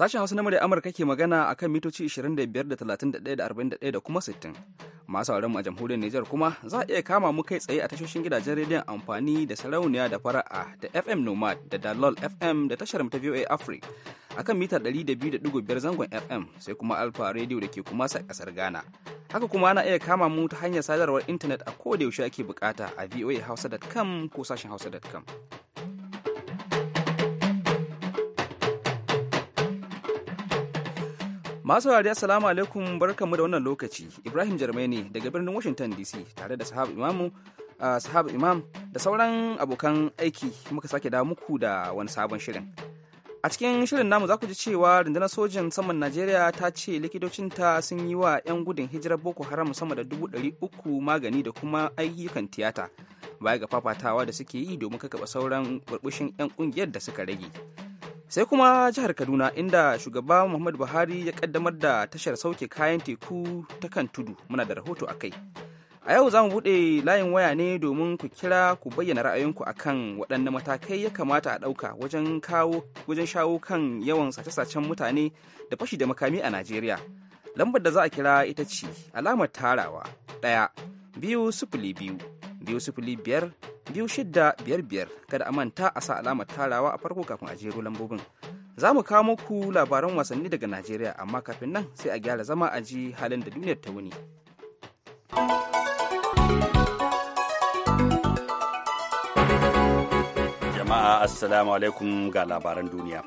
Sashen Hausa na murya Amurka ke magana a kan mitoci 25 da 31 da 41 da kuma 60. Masu mu a jamhuriyar Nijar kuma za a iya kama mu kai tsaye a tashoshin gidajen rediyon amfani da sarauniya da fara'a da FM Nomad da Dalol FM da tashar ta VOA Africa a kan mita 200.5 zangon FM sai kuma Alfa Radio da ke kuma sa kasar Ghana. Haka kuma ana iya kama mu ta hanyar sadarwar intanet a kodayaushe ake bukata a voahausa.com ko sashen hausa.com. Masu saurari assalamu alaikum barkamu da wannan lokaci. Ibrahim Jarmai ne daga birnin Washington DC tare da sahabu imamu sahabu imam da sauran abokan aiki muka sake da muku da wani sabon shirin. A cikin shirin namu za ku ji cewa rundunar sojin saman Najeriya ta ce likitocinta sun yi wa 'yan gudun hijirar Boko Haram sama da dubu ɗari uku magani da kuma ayyukan tiyata baya ga fafatawa da suke yi domin kakaba sauran burbushin 'yan ƙungiyar da suka rage. sai kuma jihar kaduna inda shugaba muhammadu buhari ya kaddamar da tashar sauke kayan teku ta kan tudu muna da rahoto a kai a yau za mu buɗe layin waya ne domin ku kira ku bayyana ra'ayinku akan waɗanne matakai ya kamata a ɗauka wajen kawo shawo kan yawan sace-sacen mutane da fashi da makami a najeriya lambar da za a kira ita ce alamar tarawa ɗaya biyu sifili biyu biyu sifili biyar biyu shidda kada a manta a sa alamar tarawa a farko kafin a jero lambobin za mu kawo muku labaran wasanni daga najeriya amma kafin nan sai a gyara zama a ji halin da duniyar ta wuni jama'a assalamu alaikum ga labaran duniya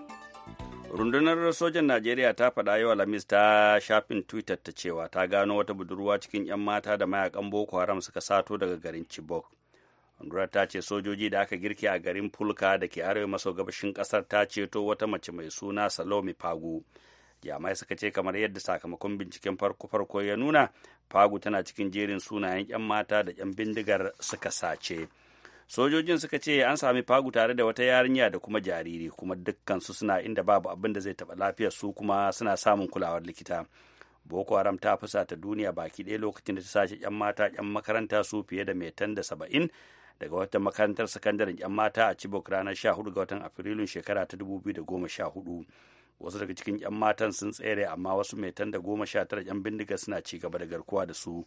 rundunar sojan najeriya ta faɗa yau alhamis ta shafin twitter ta cewa ta gano wata budurwa cikin 'yan mata da mayakan boko haram suka sato daga garin chibok rundunar ta ce sojoji da aka girke a garin fulka da ke arewa maso gabashin kasar ta ceto wata mace mai suna salome pagu jami'ai suka ce kamar yadda sakamakon binciken farko-farko ya nuna pagu tana cikin jerin sunayen 'yan mata da 'yan bindigar suka sace. sojojin suka ce an sami fagu tare da wata yarinya da kuma jariri kuma dukkansu suna inda babu abin da zai taɓa lafiyar su kuma suna samun kulawar likita boko haram ta fusata duniya baki ɗaya lokacin da ta sace 'yan mata 'yan makaranta su fiye da metan da saba'in daga wata makarantar sakandaren 'yan mata a chibok ranar 14 ga watan afrilun shekara ta da 2014 wasu daga cikin 'yan matan sun tsere amma wasu metan da goma sha tara 'yan bindiga suna ci gaba da garkuwa da su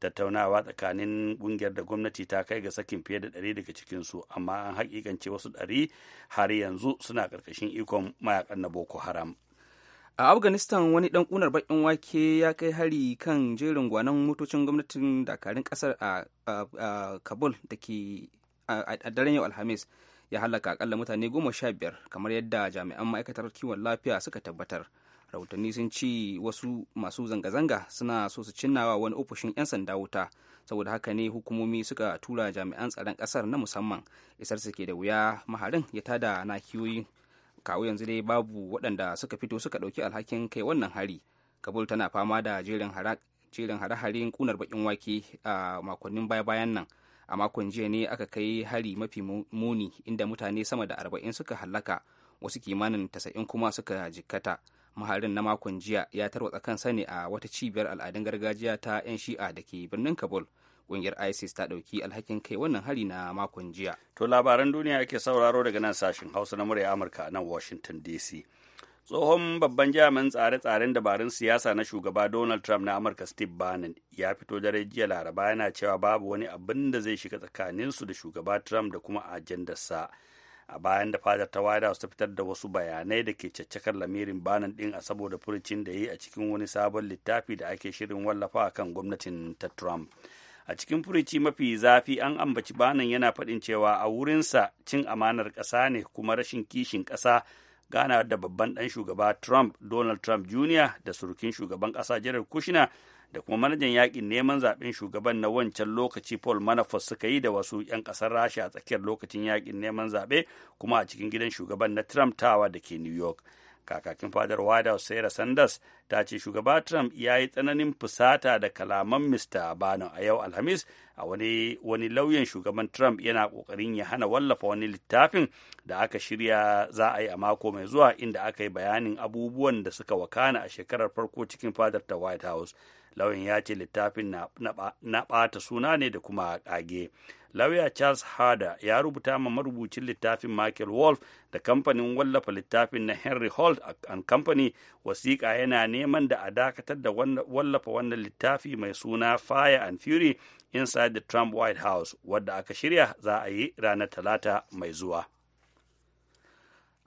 tattaunawa tsakanin kungiyar da gwamnati ta kai ga sakin fiye da ɗari daga cikinsu amma an hakikance wasu ɗari har yanzu suna ƙarƙashin ikon mayakan na boko haram a afghanistan wani ɗan ƙunar baƙin wake ya kai hari kan jerin gwanon motocin gwamnatin dakarun ƙasar a kabul da ke a daren yau alhamis ya halaka akalla mutane goma sha biyar kamar yadda jami'an ma'aikatar kiwon lafiya suka tabbatar rahotanni sun ci wasu masu zanga-zanga suna so su cinnawa wani ofishin 'yan sanda wuta saboda haka ne hukumomi suka tura jami'an tsaron kasar na musamman isar suke da wuya maharin ya tada kiyoyi kawo yanzu dai babu waɗanda suka fito suka ɗauki alhakin kai wannan hari kabul tana fama da jerin hare-haren kunar bakin wake a makonnin baya-bayan nan a makon jiya ne aka kai hari mafi muni inda mutane sama da arba'in suka hallaka wasu kimanin tasa'in kuma suka jikkata maharin na makon jiya ya tarwatsa kan sani a wata cibiyar al'adun gargajiya ta 'yan shi'a da ke birnin kabul ƙungiyar isis ta ɗauki alhakin kai wannan hari na makon jiya to labaran duniya ake sauraro daga nan sashen hausa na murya amurka nan washington dc tsohon babban jami'in tsare-tsaren dabarun siyasa na shugaba donald trump na amurka steve bannon ya fito dare jiya laraba yana cewa babu wani abin da zai shiga tsakaninsu da shugaba trump da kuma ajandarsa. sa a bayan da fadar ta White House ta fitar da wasu bayanai da ke caccakar lamirin banan din a saboda furucin da ya yi a cikin wani sabon littafi da ake shirin wallafa a kan gwamnatin ta Trump. A cikin furuci mafi zafi an ambaci banan yana faɗin cewa a wurinsa cin amanar ƙasa ne kuma rashin kishin ƙasa gana da babban ɗan shugaba Trump Donald Trump Jr. da surukin shugaban ƙasa Jared Kushner da kuma manajan yakin neman zaben shugaban na wancan lokaci paul manafort suka yi da wasu 'yan kasar rasha a tsakiyar lokacin yakin neman zaɓe kuma a cikin gidan shugaban na trump tawa da ke new york kakakin fadar white house sarah sanders ta ce shugaba trump ya yi tsananin fusata da kalaman mr bano a yau alhamis a wani, wani lauyan shugaban trump yana kokarin ya hana wallafa wani littafin da aka shirya za a yi a mako mai zuwa inda aka yi bayanin abubuwan da suka wakana a shekarar farko cikin fadar ta white house lauyan ya ce littafin na bata suna ne da kuma ƙage lauya charles harder ya rubuta ma marubucin littafin michael wolf da kamfanin wallafa littafin na henry holt and company wasiƙa yana neman da a dakatar da wallafa wannan littafi mai suna fire and fury inside the trump white house wadda aka shirya za a yi ranar talata mai zuwa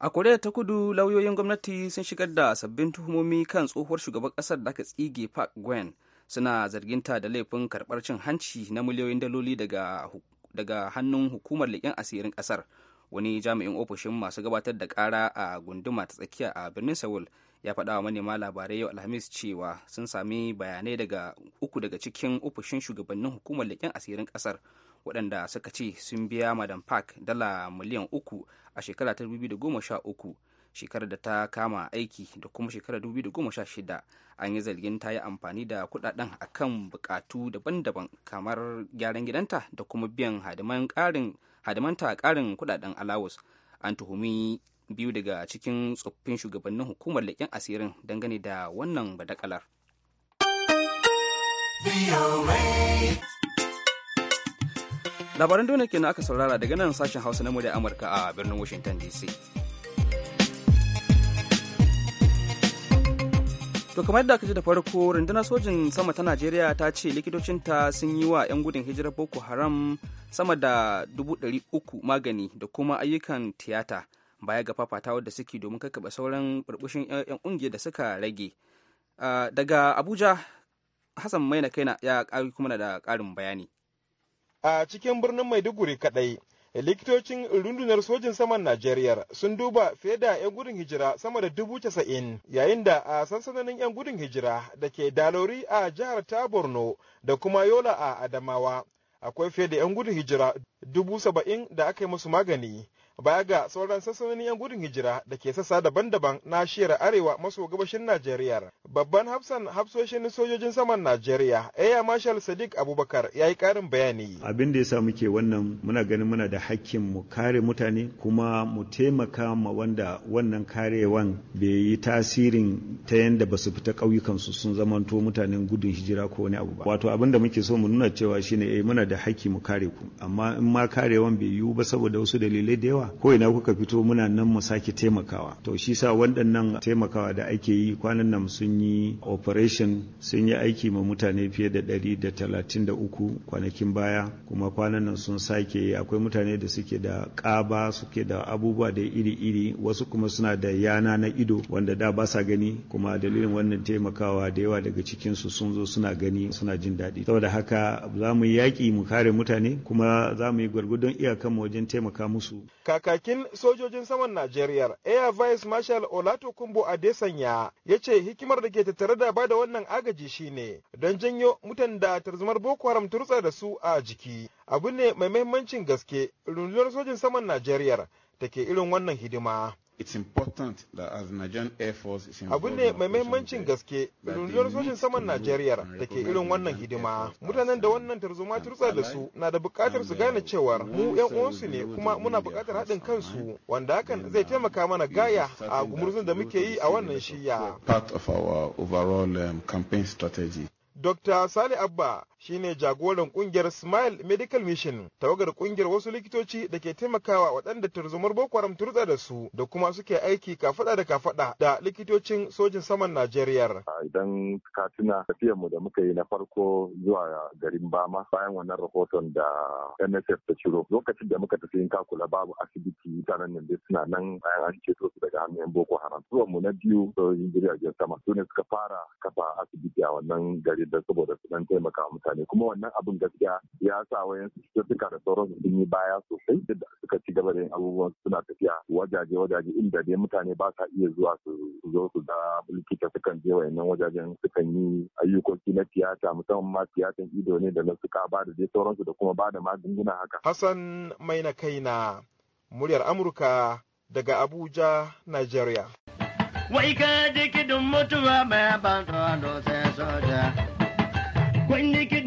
a koreya ta kudu lauyoyin gwamnati sun shigar da sabbin tuhumomi kan tsohuwar shugaban kasar da aka tsige park gwen suna zarginta da laifin karbar cin hanci na miliyoyin daloli daga, daga hannun hukumar leƙen asirin kasar wani jami'in ofishin masu gabatar da kara a gunduma ta tsakiya a birnin seoul ya faɗa wa manema labarai yau alhamis cewa sun sami bayanai daga uku daga cikin ofishin shugabannin hukumar leƙen asirin kasar. waɗanda suka ce sun biya madam park dala miliyan uku a shekara ta 2013 shekarar da ta kama aiki da kuma shekarar 2016 an yi zargin ta yi amfani da kudaden akan bukatu daban-daban kamar gyaran gidanta da kuma biyan hadimanta ƙarin kudaden alawus an tuhumi biyu daga cikin tsoffin shugabannin hukumar leƙen asirin dangane da wannan badakalar. labaran duniya kenan aka saurara daga nan sashen hausa na muryar amurka a birnin washington dc To kamar yadda aka ji da farko rundunar sojin sama ta Najeriya ta ce likitocinta sun yi wa 'yan gudun hijirar Boko Haram sama da 300 magani da kuma ayyukan tiyata baya ga fafatawa da suke domin kakaba sauran burbushin 'yan kungiya da suka rage. Ah, daga Abuja, Hassan Maina Kaina ya kuma da karin bayani. a cikin birnin maiduguri kadai likitocin rundunar sojin saman najeriya sun duba fiye da 'yan gudun hijira sama da dubu casa'in yayin da a sansanonin 'yan gudun hijira da ke dalori a jihar ta borno da kuma yola a adamawa akwai fiye da 'yan gudun hijira dubu saba'in da aka yi musu magani baya ga sauran sassanin 'yan gudun hijira da ke sassa daban-daban na shiyar arewa maso gabashin Najeriya. Babban hafsan hafsoshin sojojin saman Najeriya, Air Marshal Sadiq Abubakar ya yi karin bayani. Abin da ya sa muke wannan muna ganin muna da hakkin mu kare mutane kuma mu taimaka ma wanda wannan karewan bai yi tasirin ta yanda ba su fita su sun zamanto mutanen gudun hijira ko wani abu ba. Wato abin da muke so mu nuna cewa shine eh muna da hakki mu kare ku amma in ma karewan bai yiwu ba saboda wasu dalilai da yawa ko ina kuka fito muna nan mu sake taimakawa to shi sa waɗannan taimakawa da ake yi kwanan nan sun yi operation sun yi aiki ma mutane fiye da ɗari da talatin da uku kwanakin baya kuma kwanan nan sun sake akwai mutane da suke da ƙaba suke da abubuwa da iri-iri wasu kuma suna da yana na ido wanda da ba sa gani kuma dalilin wannan taimakawa da yawa daga cikin su sun zo suna gani suna jin daɗi saboda haka za mu yi yaƙi mu kare mutane kuma za mu yi gwargwadon mu wajen taimaka musu Kakakin sojojin saman Najeriya Air Vice Marshal Olatokunbo Adesanya ya ce hikimar da ke tattare da bada wannan agaji shine don janyo mutan da tarzumar Boko Haram turtsa da su a jiki. Abu ne mai mahimmancin gaske rundunar sojin saman Najeriya take irin wannan hidima. Abu ne mai mahimmancin gaske rundunar sojin saman Najeriya da ke irin wannan hidima. Mutanen da wannan tarzoma turtsa da su na da buƙatar su gane cewar mu 'yan uwansu ne kuma muna buƙatar haɗin kansu wanda hakan zai taimaka mana gaya a gumurzun da muke yi a wannan shiya. Part of our overall um, campaign strategy. Dr. Sale Abba shine jagoran kungiyar Smile Medical Mission tawagar kungiyar wasu likitoci da ke taimakawa waɗanda turzumar Boko Haram turza da su da kuma suke aiki kafada da kafada da likitocin sojin saman Najeriya. Idan ka tuna tafiyar mu da muka yi na farko zuwa garin Bama bayan wannan rahoton da NSF ta ciro lokacin da muka tafi ka kula babu asibiti mutanen nan suna nan bayan an ceto su daga hannun Boko Haram. Zuwan mu na biyu sojin jiragen sama su ne suka fara kafa asibiti a wannan garin da saboda su dan taimaka mutane mutane kuma wannan abin gaskiya ya sa wayan cututtuka da sauran su sun yi baya sosai da suka ci gaba da yin abubuwan suna tafiya wajaje wajaje inda dai mutane ba sa iya zuwa su zo su da likita sukan je wayannan wajajen sukan yi ayyukoki na tiyata musamman ma tiyatan ido ne da na suka ba da dai sauransu da kuma ba da magunguna haka. Hassan mai na kaina muryar Amurka daga Abuja, Nigeria. Wai ka jikin mutuwa mai ban sai soja. kunni kai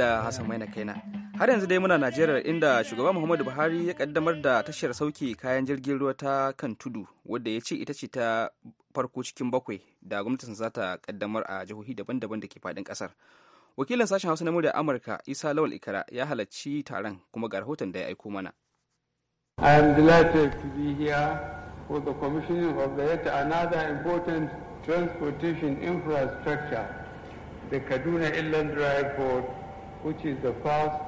da Hassan Maina kaina har yanzu dai muna Najeriya inda shugaba Muhammadu Buhari ya kaddamar da tashar sauki kayan jirgin ruwa ta kan tudu wadda ya ce ita ce ta farko cikin bakwai da gwamnatin za ta kaddamar a jihohi daban-daban da ke faɗin ƙasar. Wakilin sashen Hausa na murya Amurka Isa Lawal Ikara ya halarci taron kuma ga rahoton da ya aiko mana. I am delighted to be here for the commissioning of the yet another important transportation infrastructure the Kaduna inland Drive port, which is the first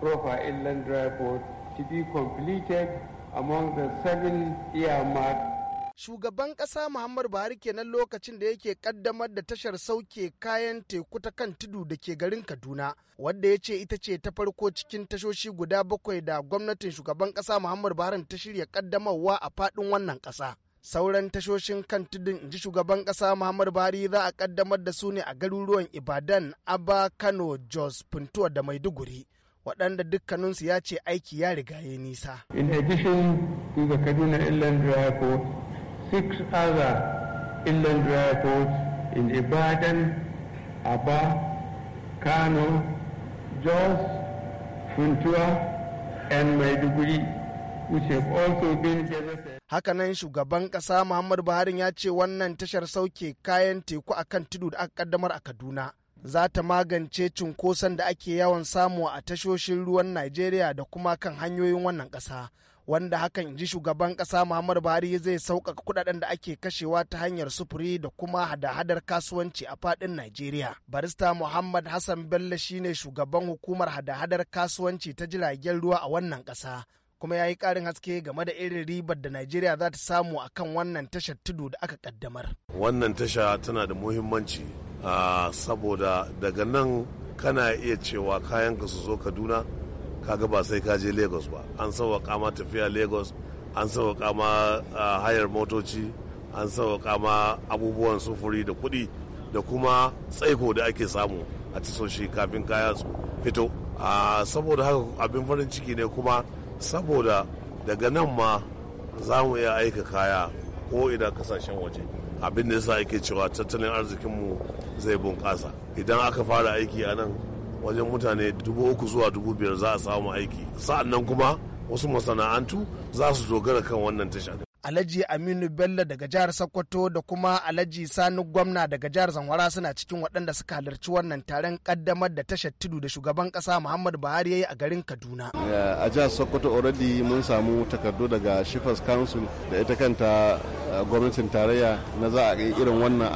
proper inland Drive port to be completed among the seven earmarked shugaban ƙasa Muhammadu Buhari kenan lokacin da yake ƙaddamar da tashar sauke kayan teku ta kan tudu da ke garin Kaduna, wadda ya ce ita ce ta farko cikin tashoshi guda bakwai da gwamnatin shugaban ƙasa Muhammadu Buhari ta shirya ƙaddamarwa a faɗin wannan ƙasa. sauran tashoshin kan tudun in ji shugaban kasa muhammadu buhari za a kaddamar da su ne a garuruwan ibadan abba kano jos puntuwa da maiduguri waɗanda dukkaninsu ya ce aiki ya riga ya nisa in addition to the kaduna inland dry port six other inland dry ports in ibadan abba kano jos puntuwa and maiduguri which have also been devastated hakanan shugaban ƙasa muhammadu buhari ya ce wannan tashar sauke kayan teku akan tudu da aka kaddamar a kaduna za ta magance cunkoson da ake yawan samu a tashoshin ruwan Najeriya da kuma kan hanyoyin wannan ƙasa. Wanda hakan ji shugaban ƙasa Muhammadu Buhari zai sauƙaƙa kuɗaɗen da ake kashewa ta hanyar sufuri da kuma hada-hadar kasuwanci a faɗin Najeriya. Barista Muhammad Hassan Bello shine shugaban hukumar hada-hadar kasuwanci ta jiragen ruwa a wannan ƙasa. kuma ya yi ƙarin haske game da irin ribar da Najeriya za ta samu a kan wannan tashar tudu da aka kaddamar. Wannan tasha tana da muhimmanci saboda daga nan kana iya cewa kayan ka su zo Kaduna kaga ba sai ka je Lagos ba an sauwaƙa ma tafiya Lagos an sauwaƙa ma hayar motoci an sauwaƙa ma abubuwan sufuri da kuɗi da kuma tsaiko da ake samu a tisoshi kafin kaya su fito saboda haka abin farin ciki ne kuma saboda daga nan ma za mu iya aika kaya ko ina kasashen waje abin da yasa ake cewa tattalin arzikinmu zai bunƙasa idan aka fara aiki a nan wajen mutane dubu uku zuwa dubu biyar za a samu aiki sa'an nan kuma wasu masana'antu za su dogara kan wannan tashar. Alhaji Aminu Bello daga jihar Sokoto da kuma Alhaji Sani Gwamna daga jihar Zamfara suna cikin waɗanda suka halarci wannan taron kaddamar da tashar tudu da shugaban ƙasa Muhammadu Buhari ya yi a garin Kaduna. A jihar Sokoto already mun samu takardu daga Shifas Council da ita kanta gwamnatin tarayya na za a yi irin wannan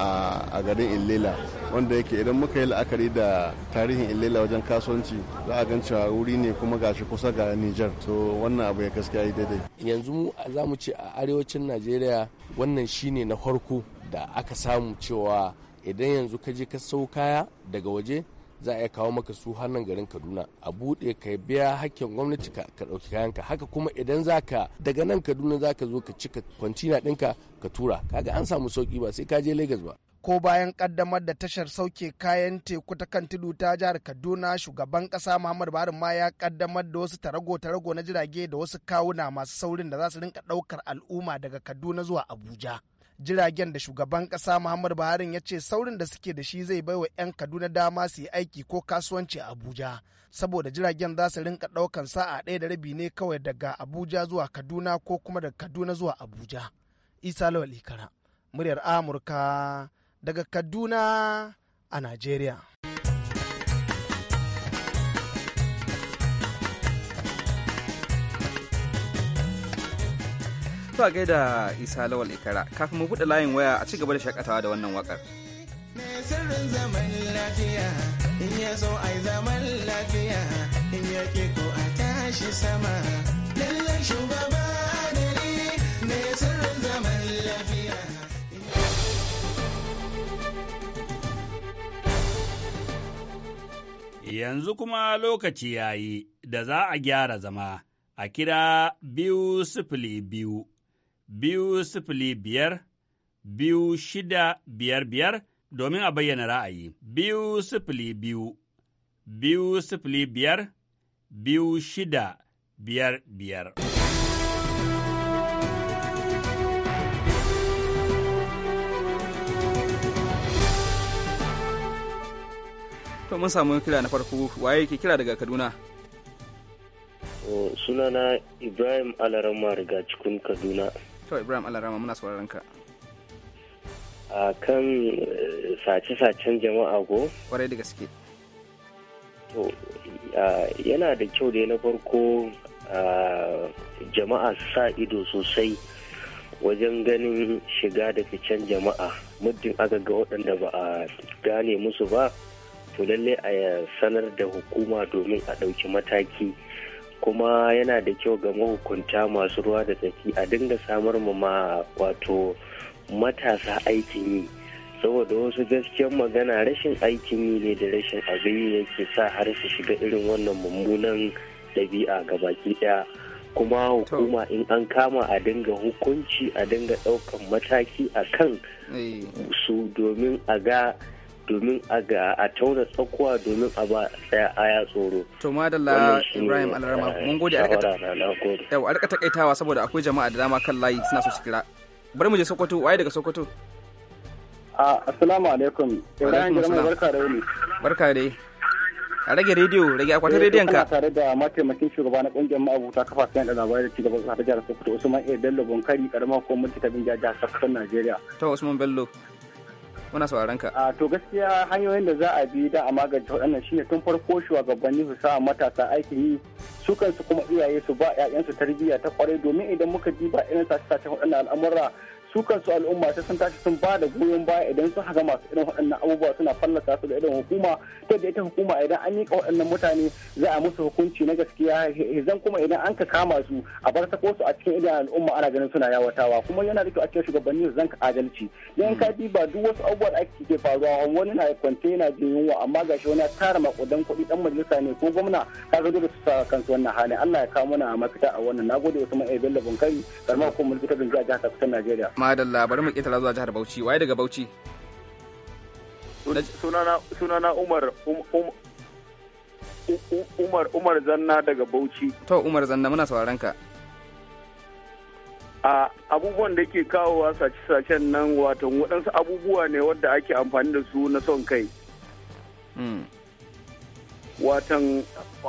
a garin illela wanda yake idan muka yi la'akari da tarihin illela wajen kasuwanci za a gan cewa wuri ne kuma gashi kusa ga niger to wannan abu ya gaskiya yi daidai yanzu mu za mu ce a arewacin najeriya wannan shine na farko da aka samu cewa idan yanzu ka je ka sau kaya daga waje za a iya kawo maka su hannun garin kaduna a buɗe ka biya hakkin gwamnati ka ɗauki kayanka haka kuma idan za ka daga nan kaduna za ka zo ka cika kwantina ɗinka ka tura kaga an samu sauki ba sai ka je Legas ba ko bayan kaddamar da tashar sauke kayan teku ta kan tudu ta jihar kaduna shugaban kasa muhammadu buhari ma ya kaddamar da wasu tarago-tarago na jirage da wasu kawuna masu saurin da za su rinka daukar al'umma daga kaduna zuwa abuja jiragen da shugaban kasa muhammad buhari ya ce saurin da suke da shi zai baiwa 'yan kaduna dama su yi aiki ko kasuwanci a abuja saboda jiragen za su rinka daukan sa'a ɗaya da rabi ne kawai daga abuja zuwa kaduna ko kuma daga kaduna zuwa abuja isa lawal ikara muryar amurka daga kaduna a najeriya zuwa a gaida Isa Lawal Ikara, kafin mu buɗe layin waya a ci gaba da shakatawa da wannan wakar. Yanzu kuma lokaci ya yi da za a gyara zama a kira biyu sifili biyu. biyu sifili biyar biyu shida biyar biyar domin a bayyana ra'ayi biyu sifili biyu biyu sifili biyar biyu shida biyar biyar. To mun samu kira na farko waye ke kira daga Kaduna? Oh, sunana Ibrahim Alaramma daga cikin Kaduna. kawai ibrahim alarama muna sauraron ka a kan eh, sace-sacen jama'a go kwarai da gaske to yana da kyau da na farko jama'a su sa ido sosai wajen ganin shiga da ficen jama'a muddin aka ga waɗanda ba a gane musu ba to lallai a sanar da hukuma domin a ɗauki mataki kuma yana da kyau ga mahukunta masu ruwa da tsaki a dinga samar ma wato matasa aikin yi saboda wasu gaskiyar magana rashin aikin yi ne da rashin abin yake sa har su shiga irin wannan mummunan ɗabi'a ga baki ɗaya kuma hukuma in an kama a dinga hukunci a dinga ɗaukan mataki a kan eh. su domin a ga domin a ga a tauna tsakuwa domin a ba tsaya aya tsoro. To madalla Ibrahim Alarama eh, mun gode a rika takaitawa saboda akwai jama'a da dama kan layi suna so su kira. Bari mu je Sokoto waye daga Sokoto? Assalamu alaikum. Ibrahim Jirma barka da wuni. Barka dai. a rage rediyo rage akwatin rediyon ka eh, tare da mataimakin shugaba na kungiyar ma'abuta kafafen da labarai da cigaban kasa ta jihar Sokoto Usman Bello Bonkari karamar hukumar mulki ta Binja a Sokoto Najeriya Ta Usman Bello muna sauraron ka to gaskiya hanyoyin da za a bi da a magance waɗannan shine tun farko shugabanni su sa matasa aikin yi su kansu kuma iyaye su ba 'ya'yansu tarbiyya ta kwarai domin idan muka diba irin sace-sacen waɗannan al'amura su kansu al'umma ta sun tashi sun ba da goyon baya idan sun haga masu irin waɗannan abubuwa suna fallasa su da irin hukuma ta da ita hukuma idan an miƙa waɗannan mutane za a musu hukunci na gaskiya zan kuma idan an ka kama su a bar ta su a cikin idan al'umma ana ganin suna yawatawa kuma yana da kyau a cikin shugabanni su zanka adalci Idan ka bi ba duk wasu abubuwa da ake ke faruwa wani na kwance yana jin yunwa amma shi wani ya tara makudan kuɗi dan majalisa ne ko gwamna ka ga dole su sa kansu wannan halin Allah ya kawo mana mafita a wannan nagode Usman Ebello kai karamar hukumar ta bin jihar Sokoto Najeriya madalla bari mu ƙetara zuwa jihar Bauchi waye daga Bauchi sunana Umar um, um, Umar Umar Zanna daga Bauchi to Umar Zanna muna sauraron ka a abubuwan da ke kawowa sace-sacen nan wato waɗansu abubuwa ne wadda ake amfani da su na son kai hmm. watan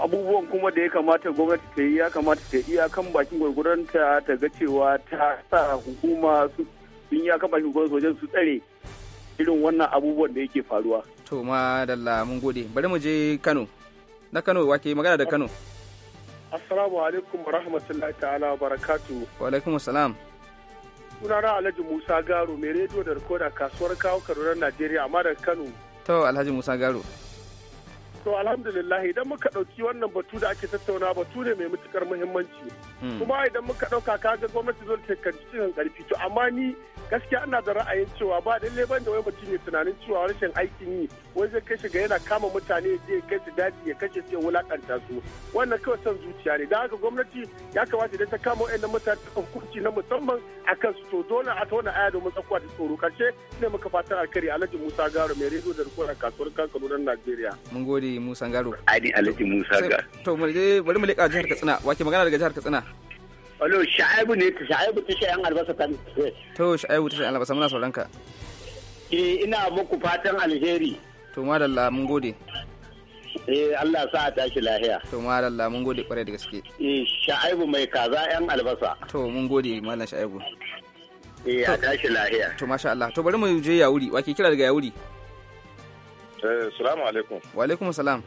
abubuwan kuma da ya kamata gwamnati ta yi ya kamata ta iya kan bakin gwargwaronta ta ga cewa ta sa hukuma sun ya kan bakin gwargwaron wajen su tsare irin wannan abubuwan da yake faruwa. To ma madalla mun gode bari mu je Kano na Kano wake magana da Kano. Assalamu alaikum wa rahmatullahi ta'ala wa barakatu. Wa alaikum suna Sunana Alhaji Musa Garo mai rediyo da rikoda kasuwar kawo Kaduna Najeriya amma daga Kano. To Alhaji Musa Garo. To alhamdulillah idan muka ɗauki wannan batu da ake tattauna batu ne mai matukar muhimmanci. Hmm. Kuma idan muka ɗauka kaga gwamnati zo ta kanci cikin karfi to amma ni gaskiya ana da ra'ayin cewa ba lalle ban da wai mutum ya tunanin cewa rashin aikin yi wai zai kashe ga yana kama mutane ya je ya kai su daji ya kashe su ya wulakanta su wannan kawai son zuciya ne da haka gwamnati ya kamata idan ta kama wa'annan mutane ta hukunci na musamman kan su to dole a tauna aya domin tsakuwa da tsoro karshe ne muka fatan alkari Alhaji Musa Garo mai rediyo da a kasuwar kan Kaduna Najeriya mun gode Musa Garo Adi Alhaji Musa Garo to bari mu leƙa jihar Katsina wake magana daga jihar Katsina Alo, sha'aibu ne, sha'aibu ta sha'an albasa kan. To, sha'aibu ta sha'an albasa muna sauran ka. Eh, ina muku fatan alheri. To, madalla mun gode. Eh, Allah sa a tashi lahiya. To, madalla mun gode kwarai da gaske. Eh, sha'aibu mai kaza 'yan albasa. To, mun gode mallam sha'aibu. Eh, a tashi lahiya. To, masha Allah. To, bari mu je Yawuri. Wa ke kira daga Yawuri? Eh, salamu alaikum. Wa alaikum salam.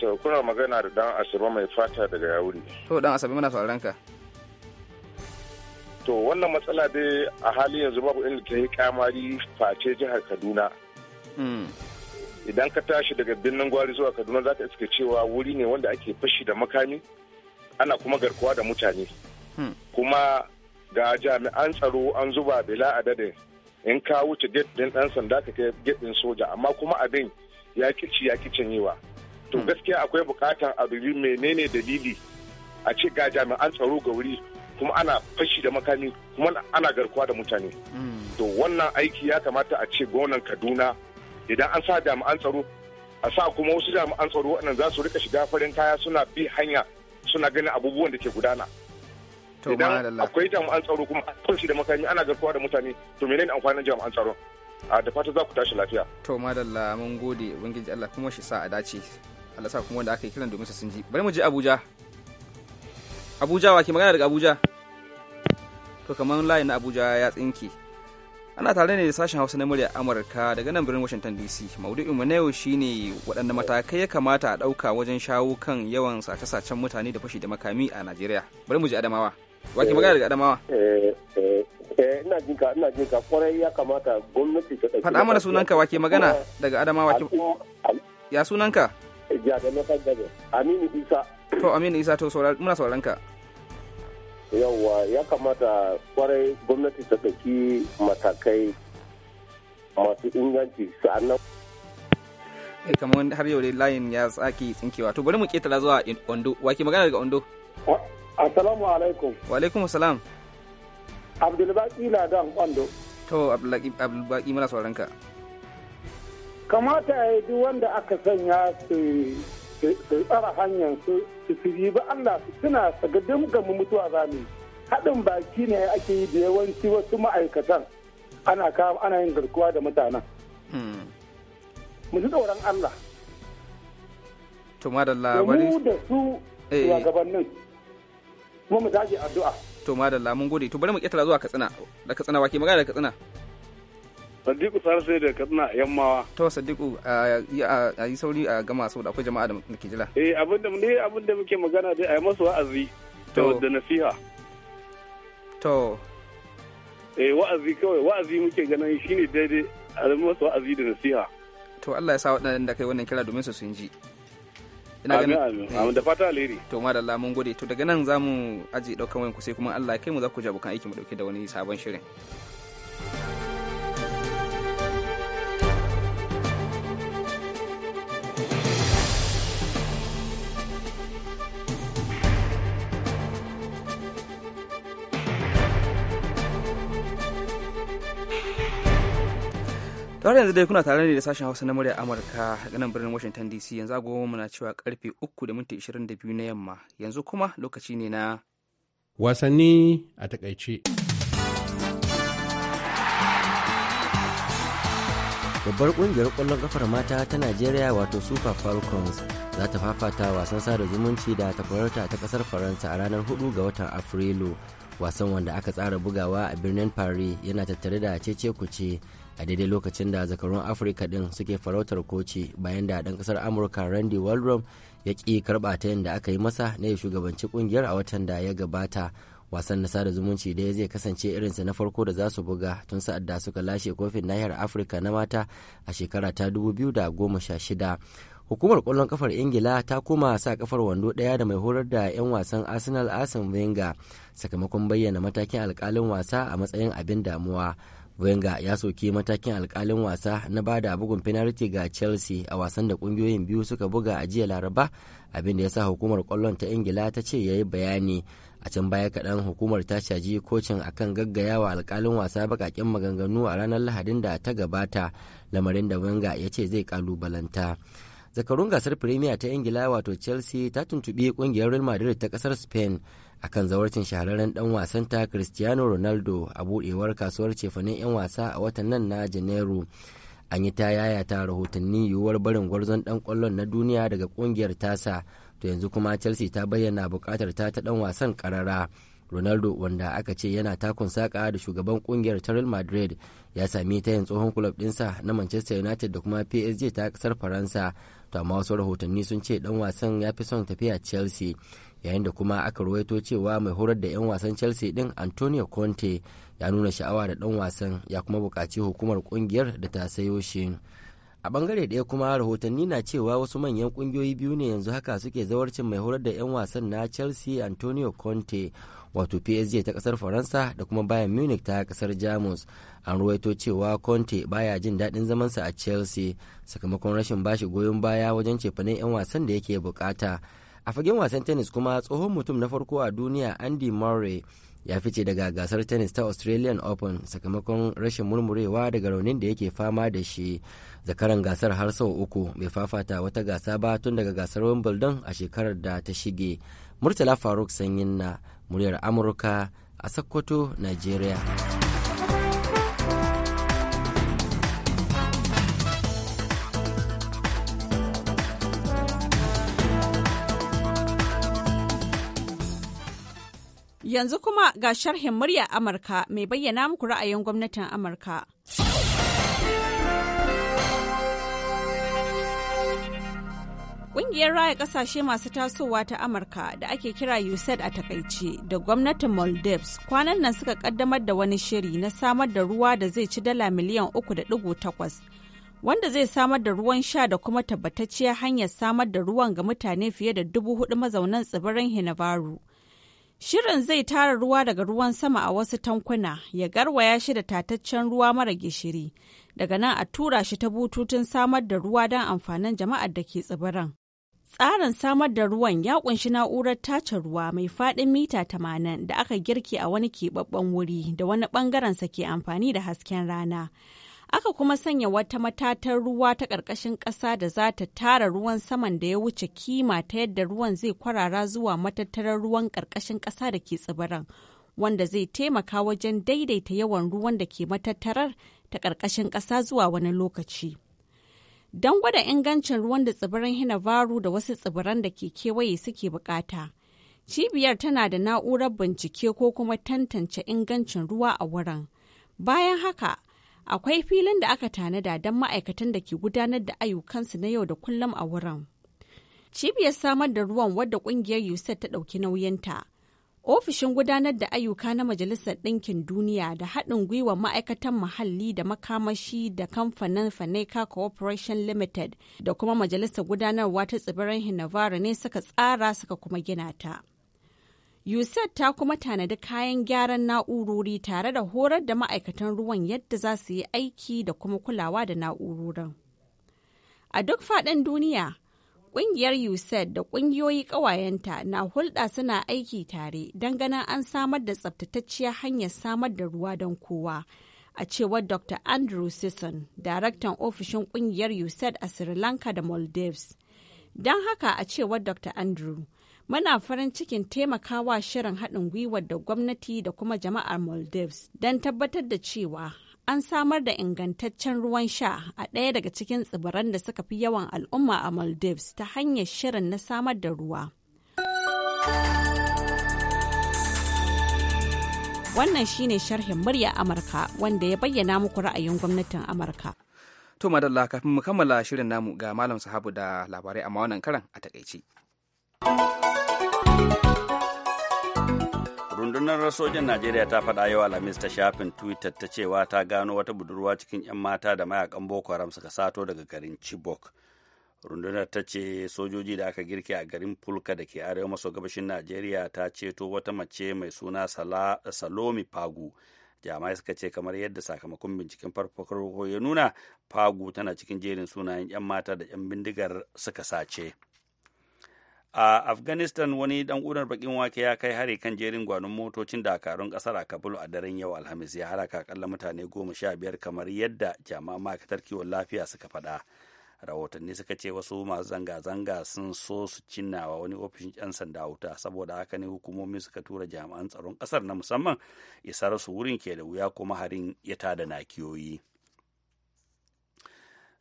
To kuna magana da dan Asabe mai fata daga Yauri. To dan Asabe muna sauraron ka. To wannan matsala dai a hali yanzu babu inda ta yi kamari face jihar Kaduna. Hmm. Idan ka tashi daga birnin gwari zuwa Kaduna za ka iske cewa wuri ne wanda ake fashi da makami ana kuma garkuwa da mutane. Hmm. Kuma ga jami'an tsaro an zuba bila adadin in ka wuce gate din dan sanda ka kai gate din soja amma kuma abin ya kici ya kicin yiwa. to hmm. gaskiya akwai bukatan a dubi menene dalili a ce ga jami'an tsaro ga wuri kuma ana fashi da makami kuma ana garkuwa da mutane hmm. to wannan aiki ya kamata a ce gonan kaduna idan an sa jami'an tsaro a sa kuma wasu jami'an tsaro waɗannan za su rika shiga farin kaya suna bi hanya suna ganin abubuwan da ke gudana idan akwai jami'an tsaro kuma fashi da makami ana garkuwa da mutane to menene amfanin jami'an tsaro a da fata za ku tashi lafiya to madalla mun gode ubangiji Allah kuma shi sa a dace Allah sa kuma wanda aka yi kiran domin su sun ji bari mu je Abuja Abuja wa ke magana daga Abuja to kamar layin na Abuja ya tsinke ana tare ne da sashen Hausa na murya Amurka daga nan birnin Washington DC maudu'in mu na yau shine waɗanne matakai ya kamata a ɗauka wajen shawo kan yawan sace-sacen mutane da fashi da makami a Najeriya bari mu je Adamawa wa ke magana daga Adamawa eh, eh, eh, ina jin ka ina jin ka kwarai ya kamata gwamnati ta faɗa mana sunanka wa ke magana daga Adamawa ya sunanka ja da nasar gaje aminu isa to aminu isa to muna sauran ka yawwa ya kamata kwarai gwamnati ta ɗauki matakai masu inganci sa'annan eh, kamar har yau dai layin ya tsaki tsinkewa to bari mu ketara zuwa ondo wake magana daga ondo assalamu alaikum wa alaikum salam abdulbaki ladan ondo to abdulbaki muna sauran ka kamata ya yi duk wanda aka sanya su tsara hanyar su su ba Allah su suna saga dingamu mutuwa zamu haɗin baki ne ake yi da yawanci wasu ma'aikatan ana ana yin garkuwa da mutanen hmm. mu ji tsoron Allah to madalla mu da su eh. shugabannin kuma mu dage addu'a to madalla mun gode to bari mu ketara zuwa Katsina da Katsina wake magana da Katsina Sadiku Salisu sai da Katsina Yammawa. To Sadiku a yi sauri a gama sau da akwai jama'a da ke jira. Eh abin da ne abin da muke magana dai a yi masu wa'azi da nasiha. To. Eh wa'azi kawai wa'azi muke ganin shine daidai a yi masu wa'azi da nasiha. To Allah ya sa waɗanda kai wannan kira domin su sun ji. ina ganin amin da fata alheri to madalla mun gode to daga nan za aje ajiye ɗaukan ku sai kuma Allah ya kai mu za ku ji abokan aiki mu dauke da wani sabon shirin Tare yanzu dai kuna tare ne da sashen Hausa na murya Amurka daga nan birnin Washington DC yanzu agogo muna cewa karfe 3 da minti 22 na yamma yanzu kuma lokaci ne na wasanni a takaice. Babbar kungiyar kwallon kafar mata ta Najeriya wato Super Falcons za ta fafata wasan sada zumunci da takwararta ta kasar Faransa a ranar 4 ga watan Afrilu. Wasan wanda aka tsara bugawa a birnin Paris yana tattare da cece kuce a daidai lokacin da zakarun afirka din suke farautar koci bayan da dan kasar amurka randy waldrom ya ki karba ta da aka yi masa na ya shugabanci kungiyar a watan da ya gabata wasan na sada zumunci da zai kasance irinsa na farko da za su buga tun sa'ad da suka lashe kofin nahiyar afirka na mata a shekara ta 2016 hukumar kwallon kafar ingila ta koma sa kafar wando daya da mai horar da 'yan wasan arsenal asin wenger sakamakon bayyana matakin alkalin wasa a matsayin abin damuwa Wenger ya soki matakin alkalin wasa na bada bugun penalty ga Chelsea a wasan da kungiyoyin biyu suka buga a jiya Laraba abinda ya sa hukumar kwallon ta Ingila ta ce ya yi bayani a can baya kaɗan hukumar ta caji kocin akan gaggayawa alkalin wasa bakakin maganganu a ranar Lahadin da ta gabata lamarin da Wenger ya ce zai kalubalanta. zakarun gasar Premier ta Ingila wato Chelsea ta tuntuɓi kungiyar Real Madrid ta ƙasar Spain a kan zawarcin shahararren dan Ta' cristiano ronaldo a budewar kasuwar cefanen 'yan wasa a watan nan na janairu an yi ta ta rahotanni yiwuwar barin gwarzon dan kwallon na duniya daga kungiyar tasa to yanzu kuma chelsea ta bayyana bukatar ta ta dan wasan karara ronaldo wanda aka ce yana takun saka da shugaban kungiyar ta real madrid ya sami ta tayin tsohon kulob dinsa na manchester united da kuma psg ta kasar faransa to amma wasu rahotanni sun ce dan wasan ya fi son tafiya chelsea yayin da kuma aka ruwaito cewa mai horar da 'yan wasan chelsea din antonio conte ya nuna sha'awa da dan wasan ya kuma buƙaci hukumar kungiyar da ta sayo shi a bangare ɗaya kuma rahotanni na cewa wasu manyan ƙungiyoyi biyu ne yanzu haka suke zawarcin mai horar da 'yan wasan na chelsea antonio conte wato psg ta ƙasar faransa da kuma bayan munich ta kasar jamus an ruwaito cewa conte baya jin daɗin zamansa a chelsea sakamakon rashin bashi goyon baya wajen cefane 'yan wasan da yake bukata a fagen wasan tennis kuma tsohon mutum na farko a duniya andy murray ya fice daga gasar tennis ta australian open sakamakon rashin murmurewa daga raunin da yake fama da shi zakaran gasar har sau uku bai fafata wata gasa ba tun daga gasar wimbledon a shekarar da ta shige murtala faruk sanyin na muryar amurka a sokoto nigeria Yanzu kuma ga sharhin murya Amurka mai bayyana muku ra'ayin gwamnatin Amurka. Ƙungiyar raya ƙasashe masu tasowa ta Amurka da ake kira USAID a takaice da gwamnatin Maldives kwanan nan suka ƙaddamar da wani shiri na samar da ruwa da zai ci dala miliyan 3.8 wanda zai samar da ruwan sha da kuma tabbatacciyar hanyar samar da ruwan ga mutane fiye da dubu hudu mazaunan tsibirin Hinabaru. Shirin zai tara ruwa daga ruwan sama a wasu tankuna ya garwaya shi da tataccen ruwa mara gishiri, daga nan a tura shi ta bututun samar da ruwa don amfanin jama'ar da ke tsibiran. Tsarin samar da ruwan ya kunshi na'urar tace ruwa mai faɗin mita tamanin da aka girki a wani keɓaɓɓen wuri da wani ɓangarensa ke amfani da hasken rana. aka kuma sanya wata matatar ruwa ta ƙarƙashin ƙasa da za ta tara ruwan saman da ya wuce kima ta yadda ruwan zai kwarara zuwa matattarar ruwan ƙarƙashin ƙasa da ke tsibiran wanda zai taimaka wajen daidaita yawan ruwan da ke matattarar ta ƙarƙashin ƙasa zuwa wani lokaci. Don gwada ingancin ruwan da tsibirin Hinabaru da wasu tsibiran da ke kewaye suke bukata. Cibiyar tana da na'urar bincike ko kuma tantance ingancin ruwa a wurin. Bayan haka, Akwai filin da aka tanada don ma'aikatan da ke gudanar da ayyukansu na yau da kullum a wurin. Cibiyar samar da ruwan wadda ƙungiyar USAID ta ɗauki nauyinta. Ofishin gudanar da ayyuka na Majalisar Ɗinkin Duniya da haɗin gwiwa ma'aikatan muhalli da makamashi da kamfanin Faneca Corporation Limited da kuma Majalisar Gudanarwa ta tsibirin Hinavara ne suka tsara suka kuma gina ta. USAID ta kuma tanadi kayan gyaran na'urori tare da horar da ma'aikatan ruwan yadda za su yi aiki da kuma kulawa da na'urorin. A duk faɗin duniya, ƙungiyar USAID da ƙungiyoyi ƙawayenta na hulɗa suna aiki tare don ganin an samar da tsabtatacciyar hanyar samar da ruwa don kowa. A cewar Dr. Andrew Sisson, daraktan ofishin ƙungiyar USAID a Sri Lanka da Maldives. Don haka a cewar Dr. Andrew, Muna farin cikin taimakawa shirin haɗin gwiwar da gwamnati da kuma jama'ar Maldives don tabbatar da cewa an samar da ingantaccen ruwan sha a ɗaya daga cikin tsibiran da suka fi yawan al'umma a Maldives ta hanyar shirin na samar da ruwa. Wannan shi ne sharhin murya Amurka wanda ya bayyana muku ra'ayin gwamnatin Amurka. To madalla kafin mu kammala shirin namu ga Malam Sahabu da labarai amma wannan karan a takaici. rundunar sojin najeriya ta faɗa yau alhamis ta shafin twitter ta cewa ta gano wata budurwa cikin 'yan mata da mayakan boko haram suka sato daga garin chibok rundunar ta ce sojoji da aka girke a garin fulka da ke arewa maso gabashin najeriya ta ceto wata mace mai suna salomi pagu jami'ai suka ce kamar yadda sakamakon binciken farko ya nuna pagu tana cikin jerin sunayen 'yan mata da 'yan bindigar suka sace. a afghanistan wani dan bakin wake ya kai hari kan jerin gwanon motocin dakarun kasar a kabul a daren yau alhamis ya halaka akalla mutane goma sha biyar kamar yadda jama'a ma'aikatar kiwon lafiya suka faɗa rahotanni suka ce wasu masu zanga-zanga sun so su cinnawa wani ofishin 'yan sanda wuta saboda haka ne hukumomi suka tura jami'an tsaron kasar na musamman isar su wurin ke da wuya kuma harin ya tada nakiyoyi. kiyoyi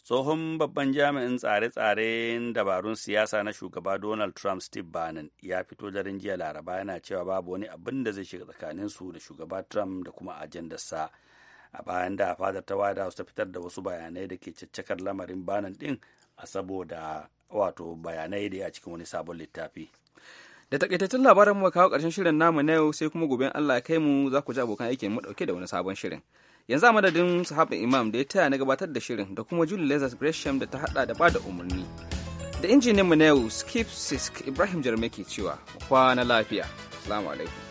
tsohon babban jami'in tsare-tsaren dabarun siyasa na shugaba donald trump steve bannon ya fito daren jiya laraba yana cewa babu wani abin da zai shiga tsakanin su da shugaba trump da kuma ajandarsa a bayan da fadar ta wada su ta fitar da wasu bayanai da ke caccakar lamarin bannon din a saboda wato bayanai da a cikin wani sabon littafi da takaitattun labaran mu kawo karshen shirin namu na yau sai kuma gobe Allah ya kai mu za ku ji abokan aikin mu dauke da wani sabon shirin yanzu a madadin sahabin imam da ya taya na gabatar da shirin da kuma julie lazarus gresham da ta hada da bada umarni da injinin mu na yau skip sisk ibrahim jarmai ke cewa kwana lafiya salamu alaikum